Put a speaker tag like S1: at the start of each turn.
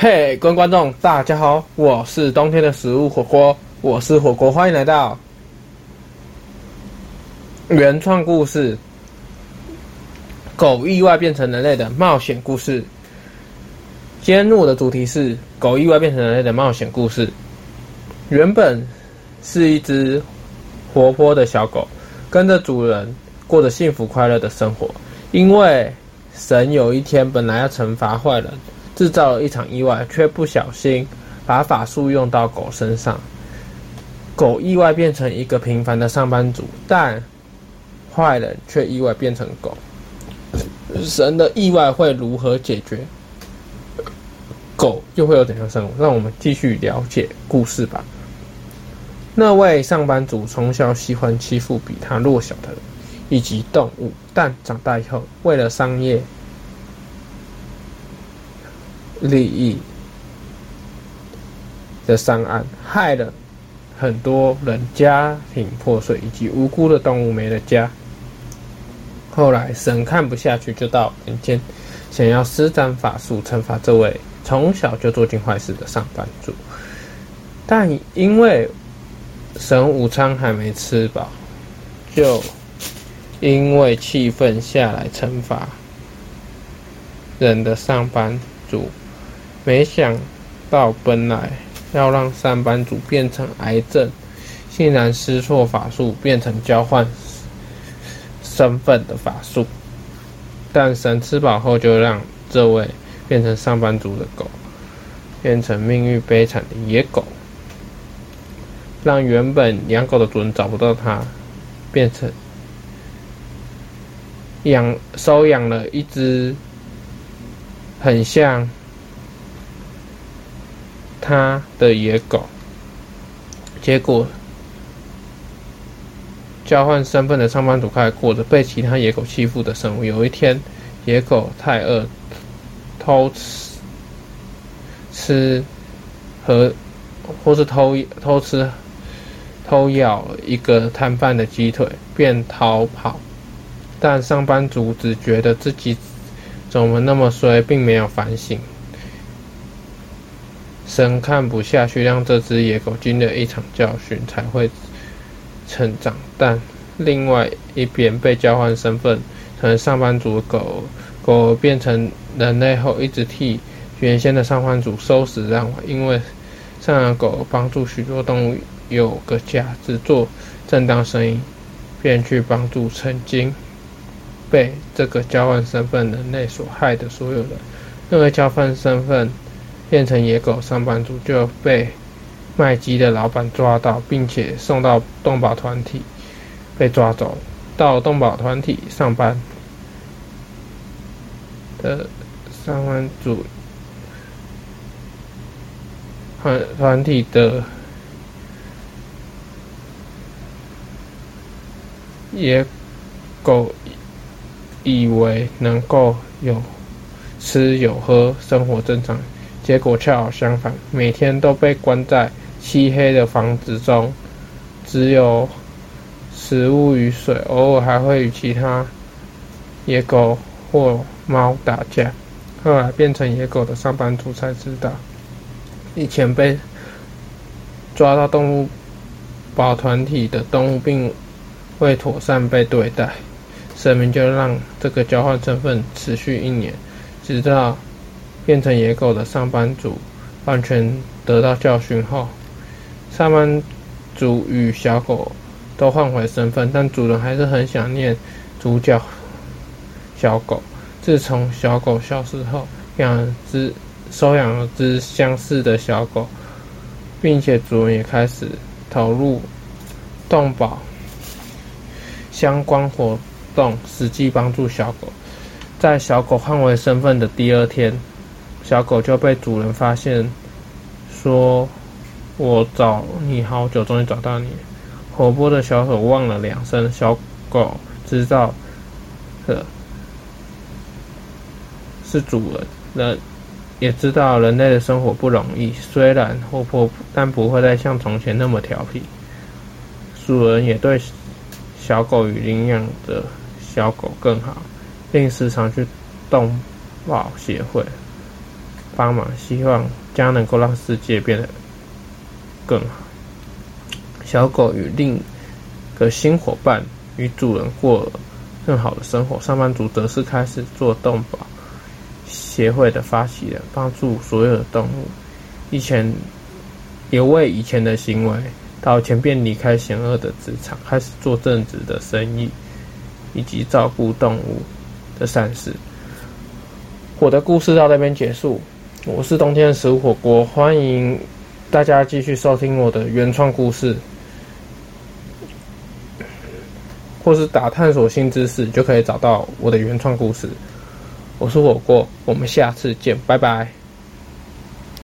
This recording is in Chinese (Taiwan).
S1: 嘿，各位、hey，觀眾，大家好！我是冬天的食物火鍋，我是火鍋，歡迎來到原創故事《狗意外變成人類的冒險故事》。今天我的主題是狗意外變成人類的冒險故事。原本是一隻活潑的小狗，跟着主人過着幸福快樂的生活。因為神有一天本來要懲罰壞人。製造了一場意外，卻不小心把法術用到狗身上。狗意外變成一個平凡的上班族，但壞人卻意外變成狗。神的意外會如何解決？狗又會有怎樣的生活？讓我們繼續了解故事吧。那位上班族從小喜歡欺負比他弱小的人以及動物，但長大以後為了商業。利益的上岸，害了很多人家庭破碎，以及無辜的動物沒了家。後來，神看不下去，就到人間，想要施展法術懲罰這位從小就做盡壞事的上班族。但因為神午餐還沒吃飽，就因為氣憤下來懲罰人的上班族。沒想到本來要讓上班族變成癌症，竟然失錯法術變成交換身份的法術。但神吃飽後就讓這位變成上班族的狗，變成命運悲慘的野狗，讓原本養狗的主人找不到他，變成養，收養了一隻很像他的野狗，結果交換身份的上班族開始過着被其他野狗欺負的生活。有一天，野狗太餓，偷吃吃和或是偷偷吃偷咬一個攤販的雞腿，便逃跑。但上班族只覺得自己怎麼那麼衰，並沒有反省。神看不下去，讓這隻野狗經歷一場教訓，才會成長。但另外一邊被交換身份成為上班族狗狗，狗變成人類後，一直替原先的上班族收拾爛攤。因為善良狗狗幫助許多動物有個家，只做正當生意，便去幫助曾經被這個交換身份人類所害的所有人。認為交換身份。變成野狗，上班族就被賣雞的老闆抓到，並且送到動保團體被抓走，到動保團體上班的上班族團團體的野狗以為能夠有吃有喝，生活正常。結果恰好相反，每天都被關在漆黑的房子中，只有食物與水，偶爾還會與其他野狗或貓打架。後來變成野狗的上班族才知道，以前被抓到動物保團體的動物，並未妥善被對待，神明就讓這個交換身份持續一年，直到。變成野狗的上班族完全得到教訓後，上班族與小狗都換回身份，但主人還是很想念主角小狗。自從小狗消失後，養隻收養了隻相似的小狗，並且主人也開始投入動保相關活動，實際幫助小狗。在小狗換回身份的第二天。小狗就被主人發現，說：“我找你好久，終於找到你。”活潑的小狗汪了兩聲。小狗知道的是主人，人也知道人類的生活不容易。雖然活潑，但不會再像從前那麼調皮。主人也對小狗與領養的小狗更好，並時常去動保協會。幫忙，希望將能夠讓世界變得更好。小狗與另一個新夥伴與主人過了更好的生活。上班族則是開始做動保協會的發起人，幫助所有的動物。以前也為以前的行為道歉，便離開險惡的職場，開始做正直的生意以及照顧動物的善事。我的故事到這邊結束。我是冬天的食物火鍋，歡迎大家繼續收聽我的原創故事，或是打探索新知識，就可以找到我的原創故事。我是火鍋，我們下次見，拜拜。